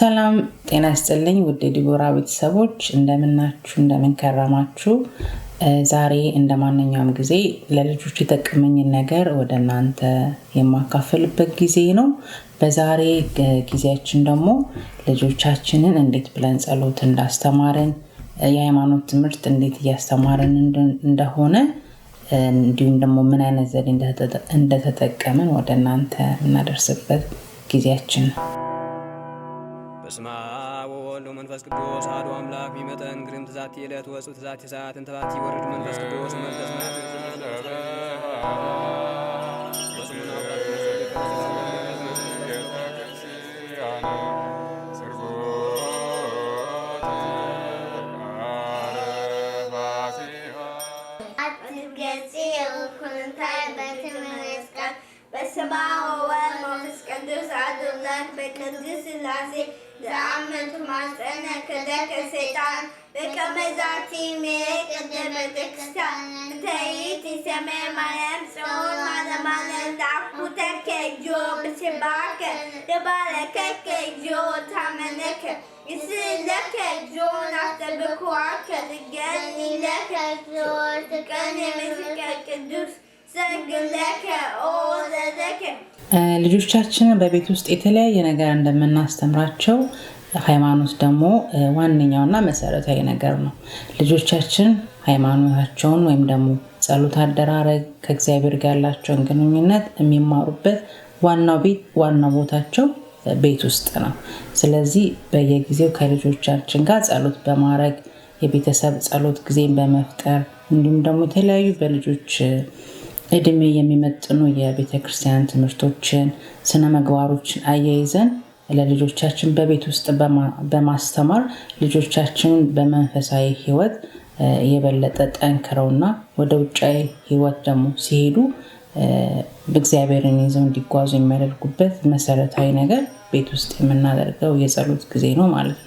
ሰላም ጤና ስጥልኝ ውድ ዲቦራ ቤተሰቦች እንደምናችሁ እንደምንከረማችሁ። ዛሬ እንደ ማንኛውም ጊዜ ለልጆች የጠቀመኝን ነገር ወደ እናንተ የማካፈልበት ጊዜ ነው። በዛሬ ጊዜያችን ደግሞ ልጆቻችንን እንዴት ብለን ጸሎት እንዳስተማርን የሃይማኖት ትምህርት እንዴት እያስተማርን እንደሆነ እንዲሁም ደግሞ ምን አይነት ዘዴ እንደተጠቀምን ወደ እናንተ የምናደርስበት ጊዜያችን ነው። በስመ አብ ወወልድ ወመንፈስ ቅዱስ አሐዱ አምላክ ቢመጠን ግርም ትዛት የዕለት ወጽ ትዛት ሰዓትን ተባት ይወርድ መንፈስ ቅዱስ መንፈስ القدس العزيز زعمت مصر أنا كذاك سيطان بك مزعتي ميك قدمتك سان تأيتي سمي مريم سعود ماذا ماذا دعوتك جو بسباك تباركك جو تعملك يصير لك جو نحتبك وعك تجني لك جو تكني مثلك القدوس ልጆቻችን በቤት ውስጥ የተለያየ ነገር እንደምናስተምራቸው ሃይማኖት ደግሞ ዋነኛውና መሰረታዊ ነገር ነው። ልጆቻችን ሃይማኖታቸውን ወይም ደግሞ ጸሎት አደራረግ፣ ከእግዚአብሔር ጋር ያላቸውን ግንኙነት የሚማሩበት ዋናው ቤት ዋናው ቦታቸው ቤት ውስጥ ነው። ስለዚህ በየጊዜው ከልጆቻችን ጋር ጸሎት በማድረግ የቤተሰብ ጸሎት ጊዜን በመፍጠር እንዲሁም ደግሞ የተለያዩ በልጆች እድሜ የሚመጥኑ የቤተ ክርስቲያን ትምህርቶችን፣ ስነ ምግባሮችን አያይዘን ለልጆቻችን በቤት ውስጥ በማስተማር ልጆቻችንን በመንፈሳዊ ህይወት የበለጠ ጠንክረውና ወደ ውጫዊ ህይወት ደግሞ ሲሄዱ በእግዚአብሔርን ይዘው እንዲጓዙ የሚያደርጉበት መሰረታዊ ነገር ቤት ውስጥ የምናደርገው የጸሎት ጊዜ ነው ማለት ነው።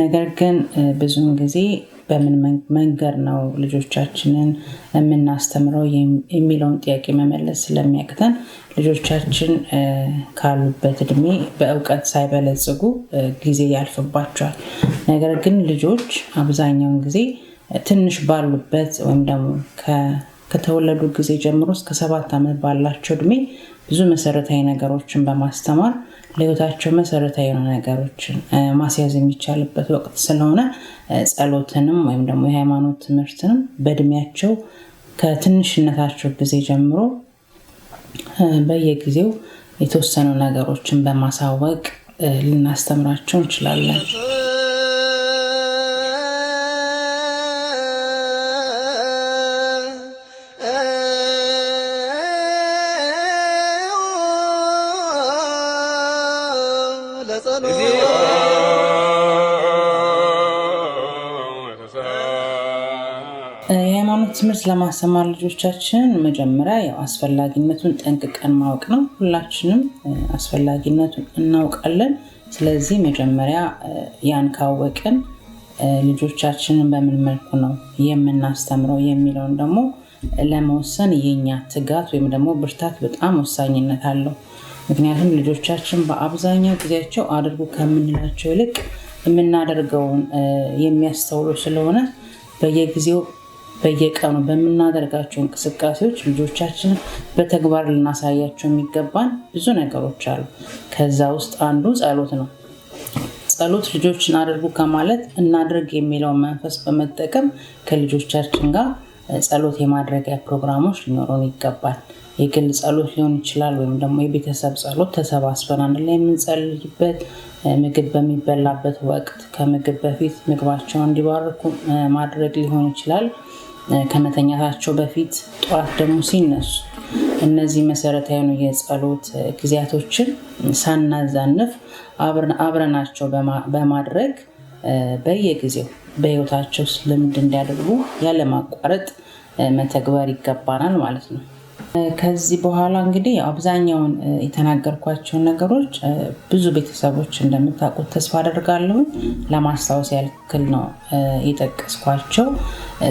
ነገር ግን ብዙውን ጊዜ በምን መንገድ ነው ልጆቻችንን የምናስተምረው የሚለውን ጥያቄ መመለስ ስለሚያቅተን ልጆቻችን ካሉበት እድሜ በእውቀት ሳይበለጽጉ ጊዜ ያልፍባቸዋል። ነገር ግን ልጆች አብዛኛውን ጊዜ ትንሽ ባሉበት ወይም ደግሞ ከተወለዱ ጊዜ ጀምሮ እስከ ሰባት ዓመት ባላቸው እድሜ ብዙ መሰረታዊ ነገሮችን በማስተማር ለህይወታቸው መሰረታዊ የሆኑ ነገሮችን ማስያዝ የሚቻልበት ወቅት ስለሆነ ጸሎትንም ወይም ደግሞ የሃይማኖት ትምህርትንም በእድሜያቸው ከትንሽነታቸው ጊዜ ጀምሮ በየጊዜው የተወሰኑ ነገሮችን በማሳወቅ ልናስተምራቸው እንችላለን። ትምህርት ለማስተማር ልጆቻችን መጀመሪያ ያው አስፈላጊነቱን ጠንቅቀን ማወቅ ነው። ሁላችንም አስፈላጊነቱን እናውቃለን። ስለዚህ መጀመሪያ ያን ካወቅን ልጆቻችንን በምን መልኩ ነው የምናስተምረው የሚለውን ደግሞ ለመወሰን የኛ ትጋት ወይም ደግሞ ብርታት በጣም ወሳኝነት አለው። ምክንያቱም ልጆቻችን በአብዛኛው ጊዜያቸው አድርጉ ከምንላቸው ይልቅ የምናደርገውን የሚያስተውሉ ስለሆነ በየጊዜው በየቀኑ በምናደርጋቸው እንቅስቃሴዎች ልጆቻችንን በተግባር ልናሳያቸው የሚገባን ብዙ ነገሮች አሉ። ከዛ ውስጥ አንዱ ጸሎት ነው። ጸሎት ልጆችን አድርጉ ከማለት እናድርግ የሚለውን መንፈስ በመጠቀም ከልጆቻችን ጋር ጸሎት የማድረጊያ ፕሮግራሞች ሊኖረን ይገባል። የግል ጸሎት ሊሆን ይችላል፣ ወይም ደግሞ የቤተሰብ ጸሎት ተሰባስበን አንድ ላይ የምንጸልይበት፣ ምግብ በሚበላበት ወቅት፣ ከምግብ በፊት ምግባቸውን እንዲባርኩ ማድረግ ሊሆን ይችላል። ከመተኛታቸው በፊት ጠዋት ደግሞ ሲነሱ እነዚህ መሰረታዊ የሆኑ የጸሎት ጊዜያቶችን ሳናዛንፍ አብረናቸው በማድረግ በየጊዜው በሕይወታቸው ልምድ እንዲያደርጉ ያለማቋረጥ መተግበር ይገባናል ማለት ነው። ከዚህ በኋላ እንግዲህ አብዛኛውን የተናገርኳቸውን ነገሮች ብዙ ቤተሰቦች እንደምታውቁት ተስፋ አደርጋለሁ። ለማስታወስ ያልክል ነው የጠቀስኳቸው።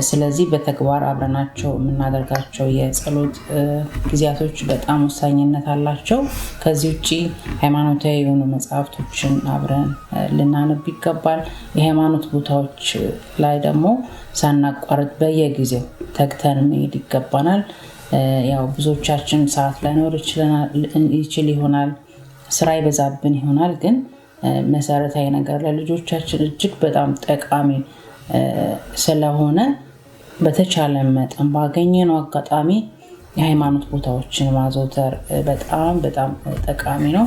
ስለዚህ በተግባር አብረናቸው የምናደርጋቸው የጸሎት ጊዜያቶች በጣም ወሳኝነት አላቸው። ከዚህ ውጭ ሃይማኖታዊ የሆኑ መጽሐፍቶችን አብረን ልናነብ ይገባል። የሃይማኖት ቦታዎች ላይ ደግሞ ሳናቋርጥ በየጊዜው ተግተን መሄድ ይገባናል። ያው ብዙዎቻችን ሰዓት ላይኖር ይችል ይሆናል፣ ስራ ይበዛብን ይሆናል። ግን መሰረታዊ ነገር ለልጆቻችን እጅግ በጣም ጠቃሚ ስለሆነ በተቻለ መጠን ባገኘነው አጋጣሚ የሃይማኖት ቦታዎችን ማዘውተር በጣም በጣም ጠቃሚ ነው።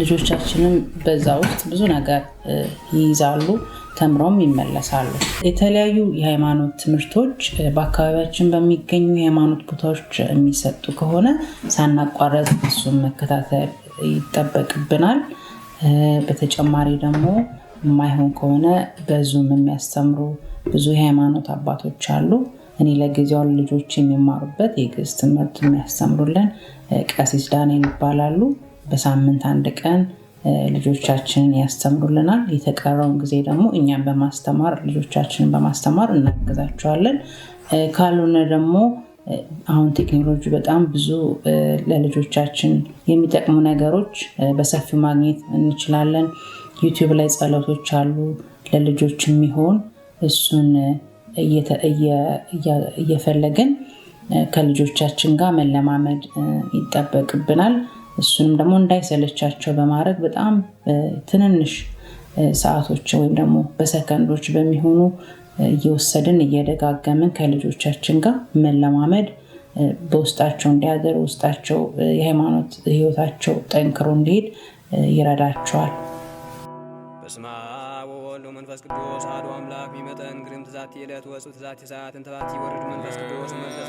ልጆቻችንም በዛ ውስጥ ብዙ ነገር ይይዛሉ፣ ተምረውም ይመለሳሉ። የተለያዩ የሃይማኖት ትምህርቶች በአካባቢያችን በሚገኙ የሃይማኖት ቦታዎች የሚሰጡ ከሆነ ሳናቋረጥ እሱን መከታተል ይጠበቅብናል። በተጨማሪ ደግሞ የማይሆን ከሆነ በዙም የሚያስተምሩ ብዙ የሃይማኖት አባቶች አሉ። እኔ ለጊዜው ልጆች የሚማሩበት የግዕዝ ትምህርት የሚያስተምሩልን ቀሲስ ዳንኤል ይባላሉ። በሳምንት አንድ ቀን ልጆቻችንን ያስተምሩልናል። የተቀረውን ጊዜ ደግሞ እኛም በማስተማር ልጆቻችንን በማስተማር እናግዛቸዋለን። ካልሆነ ደግሞ አሁን ቴክኖሎጂ በጣም ብዙ ለልጆቻችን የሚጠቅሙ ነገሮች በሰፊው ማግኘት እንችላለን። ዩቲዩብ ላይ ጸሎቶች አሉ ለልጆች የሚሆን እሱን እየፈለግን ከልጆቻችን ጋር መለማመድ ይጠበቅብናል። እሱንም ደግሞ እንዳይሰለቻቸው በማድረግ በጣም ትንንሽ ሰዓቶች ወይም ደግሞ በሰከንዶች በሚሆኑ እየወሰድን እየደጋገምን ከልጆቻችን ጋር መለማመድ በውስጣቸው እንዲያገር ውስጣቸው የሃይማኖት ህይወታቸው ጠንክሮ እንዲሄድ ይረዳቸዋል። ቅዱስ አሐዱ አምላክ ግርም ይወርድ መንፈስ ቅዱስ መንፈስ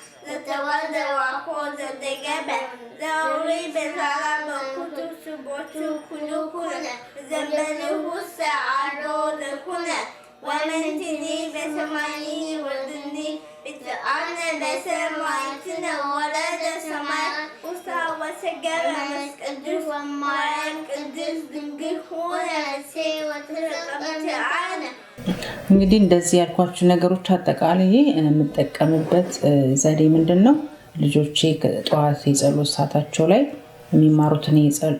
تولى وأخوض الدجابة ضروري بثعلب كتب سبوت كلكنا زبنه السعرون كنا ومن تني بسمعيني وزني بتقعنا بسمعتنا ولد سمع وسع وسجل مسك الدرس ومعاك الدرس بنجي خونا سي وترقبت عنا እንግዲህ እንደዚህ ያልኳችሁ ነገሮች አጠቃላይ የምጠቀምበት ዘዴ ምንድን ነው? ልጆቼ ጠዋት የጸሎት ሰዓታቸው ላይ የሚማሩትን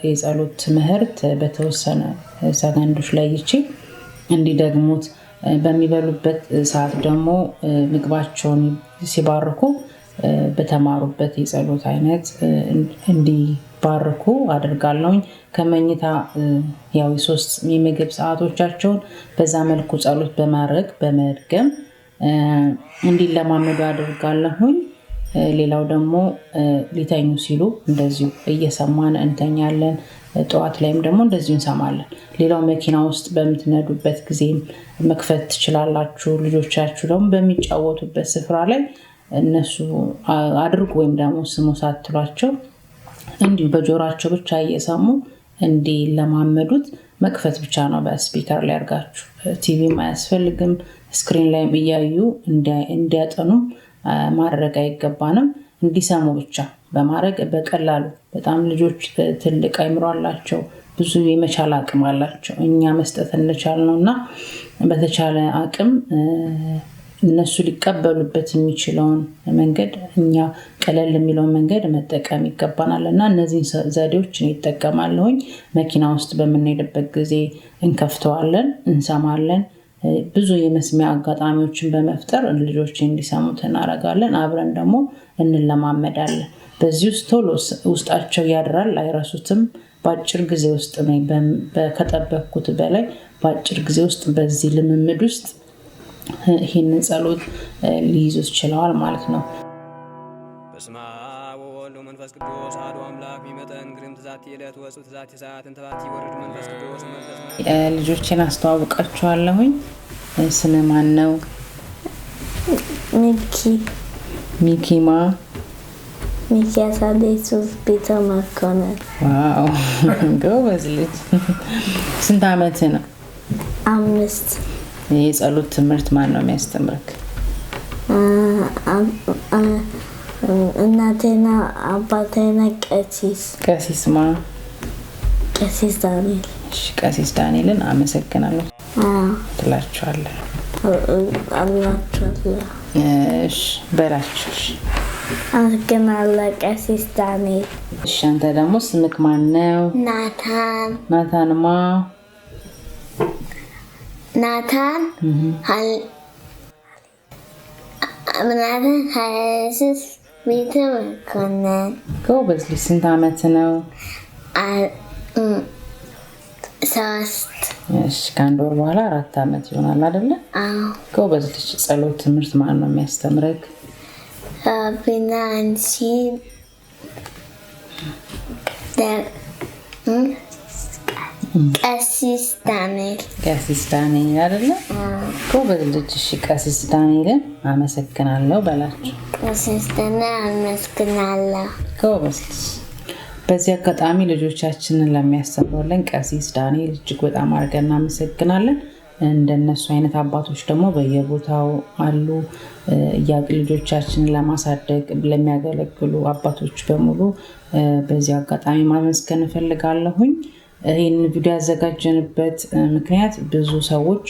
የጸሎት ትምህርት በተወሰነ ሰከንዶች ላይ ይቺ እንዲደግሙት በሚበሉበት ሰዓት ደግሞ ምግባቸውን ሲባርኩ በተማሩበት የጸሎት አይነት እንዲ ባርኩ አድርጋለሁኝ። ከመኝታ ያው የሶስት የምግብ ሰዓቶቻቸውን በዛ መልኩ ጸሎት በማድረግ በመድገም እንዲለማመዱ አድርጋለሁኝ። ሌላው ደግሞ ሊተኙ ሲሉ እንደዚሁ እየሰማን እንተኛለን። ጠዋት ላይም ደግሞ እንደዚሁ እንሰማለን። ሌላው መኪና ውስጥ በምትነዱበት ጊዜም መክፈት ትችላላችሁ። ልጆቻችሁ ደግሞ በሚጫወቱበት ስፍራ ላይ እነሱ አድርጉ ወይም ደግሞ ስሙ ሳትሏቸው እንዲሁ በጆሯቸው ብቻ እየሰሙ ለማመዱት መክፈት ብቻ ነው። በስፒከር ላይ አድርጋችሁ ቲቪም አያስፈልግም። ስክሪን ላይም እያዩ እንዲያጠኑም ማድረግ አይገባንም። እንዲሰሙ ብቻ በማድረግ በቀላሉ በጣም ልጆች ትልቅ አይምሮ አላቸው፣ ብዙ የመቻል አቅም አላቸው። እኛ መስጠት እንቻል ነው እና በተቻለ አቅም እነሱ ሊቀበሉበት የሚችለውን መንገድ እኛ ቀለል የሚለውን መንገድ መጠቀም ይገባናል እና እነዚህን ዘዴዎች ይጠቀማለሁኝ። መኪና ውስጥ በምንሄድበት ጊዜ እንከፍተዋለን፣ እንሰማለን። ብዙ የመስሚያ አጋጣሚዎችን በመፍጠር ልጆች እንዲሰሙት እናደርጋለን። አብረን ደግሞ እንለማመዳለን። በዚህ ውስጥ ቶሎ ውስጣቸው ያድራል፣ አይረሱትም። በአጭር ጊዜ ውስጥ ከጠበቅኩት በላይ በአጭር ጊዜ ውስጥ በዚህ ልምምድ ውስጥ ይህንን ጸሎት ሊይዙት ችለዋል ማለት ነው። በስመ ቅዱስ አሐዱ አምላክ ቢመጠን ግርም መንፈስ ቅዱስ ልጆችን አስተዋውቃችኋለሁኝ። ስም ማን ነው? ሚኪ ሚኪማ ሚኪያስ አቤሱስ ቤተ ጎበዝ ልጅ። ስንት አመት ነው? አምስት የጸሎት ትምህርት ማን ነው የሚያስተምርክ? እናቴና አባቴና ቀሲስ ቀሲስ ማ ቀሲስ ዳንኤል። ቀሲስ ዳንኤልን አመሰግናለሁ ትላችኋለህ አላችኋለሁ። እሺ በላችሁ። አመሰግናለሁ ቀሲስ ዳንኤል። እሺ አንተ ደግሞ ስምክ ማን ነው? ናታን ናታን ማ ናታን ናታን ሀያ ቤተ መኮንን። ጎበዝ ልጅ። ስንት ዓመት ነው? ሶስት። እሺ ከአንድ ወር በኋላ አራት ዓመት ይሆናል አይደለ? ጎበዝ ልጅ። ጸሎት ትምህርት ማን ነው የሚያስተምረክ? ራቢና ቀሲስ ዳንኤል ቀሲስ ዳንኤል አይደለ? ጎበዝ ልጅ። እሺ ቀሲስ ዳንኤልን አመሰግናለሁ በላችሁ። ቀሲስ ዳንኤል አመሰግናለሁ። ጎበዝ ልጅ። በዚህ አጋጣሚ ልጆቻችንን ለሚያስተምሩልን ቀሲስ ዳንኤል እጅግ በጣም አድርገን እናመሰግናለን። እንደነሱ አይነት አባቶች ደግሞ በየቦታው አሉ። ልጆቻችንን ለማሳደግ ለሚያገለግሉ አባቶች በሙሉ በዚህ አጋጣሚ ማመስገን እፈልጋለሁኝ። ይህን ቪዲዮ ያዘጋጀንበት ምክንያት ብዙ ሰዎች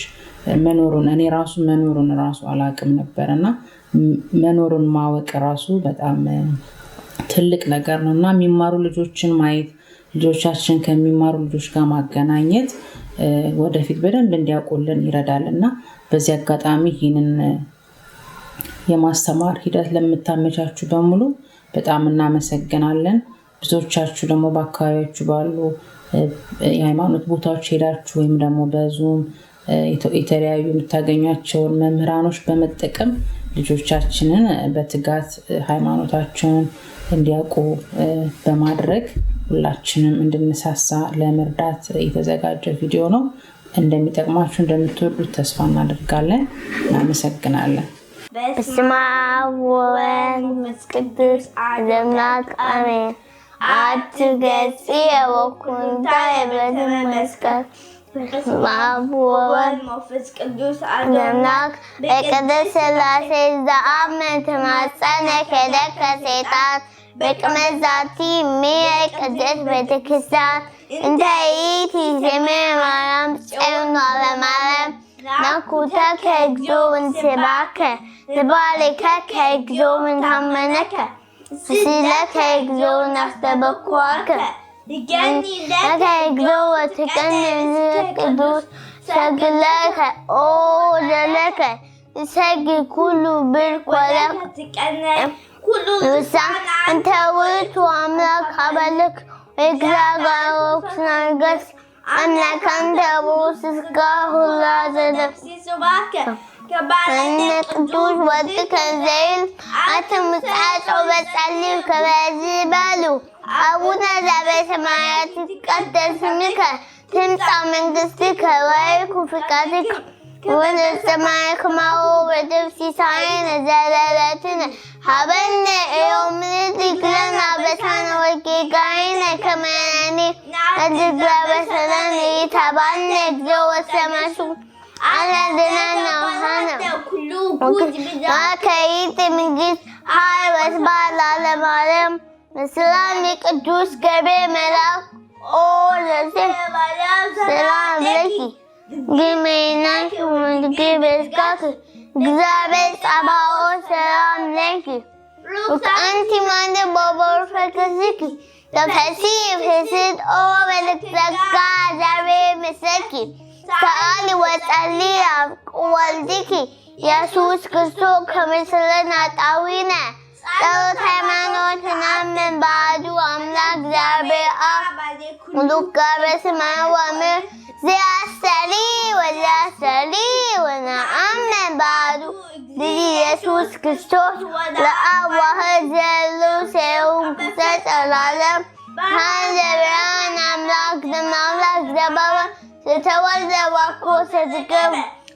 መኖሩን እኔ ራሱ መኖሩን ራሱ አላውቅም ነበር እና መኖሩን ማወቅ ራሱ በጣም ትልቅ ነገር ነው እና የሚማሩ ልጆችን ማየት ልጆቻችን ከሚማሩ ልጆች ጋር ማገናኘት ወደፊት በደንብ እንዲያውቁልን ይረዳል እና በዚህ አጋጣሚ ይህንን የማስተማር ሂደት ለምታመቻችሁ በሙሉ በጣም እናመሰግናለን። ብዙዎቻችሁ ደግሞ በአካባቢያችሁ ባሉ የሃይማኖት ቦታዎች ሄዳችሁ ወይም ደግሞ በዙም የተለያዩ የምታገኟቸውን መምህራኖች በመጠቀም ልጆቻችንን በትጋት ሃይማኖታቸውን እንዲያውቁ በማድረግ ሁላችንም እንድንሳሳ ለመርዳት የተዘጋጀ ቪዲዮ ነው። እንደሚጠቅማችሁ እንደምትወዱት ተስፋ እናደርጋለን። እናመሰግናለን። በስመ አብ ወወልድ ወመንፈስ ቅዱስ አሜን። Atgăție o cântare, blăzmăscă, Mabuwan mo Fiskadus Adonak Bekades Lasis the Amet Masane Kedeka Setan Bekmezati Mie Kadet Betekistan Intaiti Zeme Maram Seunale Maram Nakuta Kek Zoen Sebake Sebali Kek Zoen Hamaneke Sizler tegzor nahta bakwarka. Dikenliler tegzor tıkanlılık dur. Saglaka o jalaka. Sagi kulu bir kolak. Yusan antavit ve amlak habalık. Ekra garok snargas. Amlak antavusuz kahulazılık. Siz o bakın. ከነቅዱስ ወጥ ከዘይል አትምጻጾ በጸልዩ ከበዚህ በሉ አቡነ ዘበሰማያት ይትቀደስ ስምከ ትምጻእ መንግሥትከ ወይኩን ፍቃድከ በከመ በሰማይ ከማሁ በምድር ሲሳየነ ዘለለዕለትነ ሀበነ ዮም ንኅድግ ለነ አበሳነ ወጌጋየነ ከመ ንሕነኒ ንኅድግ እግዚኦ ወሰ وكيت من جيس حار واسبال على مريم وسلامك الجوش كبير ملاك أول سلام لك جميناك ومنك بسكاك جزابت أباو سلام لك وأنت من بابور فتسكي تفسير فسد أو ملك تكا زبي مسكي ተአሊ ወጸሊ ወልዲኪ ኢየሱስ ክርስቶስ ከምስለ ናጣዊነ ጸሎተ ሃይማኖት ናምን አምላክ እግዚአብሔር አብ ሙሉቀ በስመ አብ ወወልድ ዘያስተሊ ወዘያስተሊ ወነአምን ኢየሱስ ክርስቶስ ለአብ ዋህድ ዘሉ ሲሆን ዘላለም ሃሌ ብርሃን አምላክ ዘማምላክ ዘባባ يتولى وقوس الذكر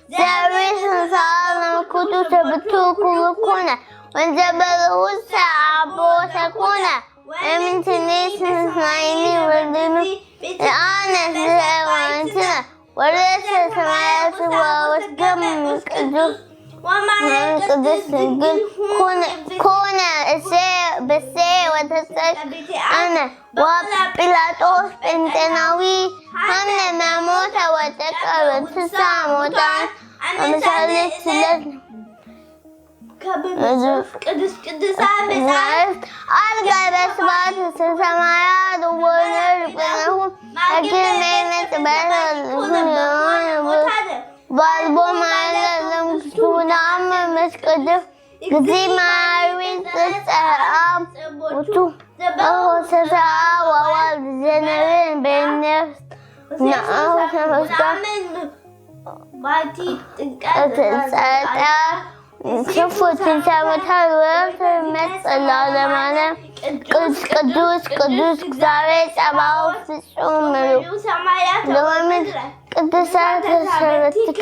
زاويس صار القدس بتوكلكنا وانزبله الصعب وسكونا ومن تنيس نسمعيني وردني الآن نسلع وانتنا ورسل سمايات ووسقم مكدوس القدس الجل كون كون بالسير وتسلك أنا ورب لا تحسن تناوي هم ما موت وتكر وتسع موتان ومثلت لسن ቅዱስ ቅዱሳን መጻሕፍት አልጋ በስባት ሰማያት ወነር ቅነሁ ሕግም መጽበት ሁን ቦታ ባልቦ ማለም ሱናም መስቀደም ጊዜ ማዊን ተጻአም ወቱ ተሰሳ ወዋል ዘነበን በነፍስ ናአሁ ተመስጋም ባቲ ጥንቀት ተጻጣ ሽፉትን ሰሙተን ወፍርመት ለማለ ቅዱስ ቅዱስ ቅዱስ እግዚአብሔር ጸባው ፍጹም ምሉ ለወምድ ቅዱሳት ተሰበትከ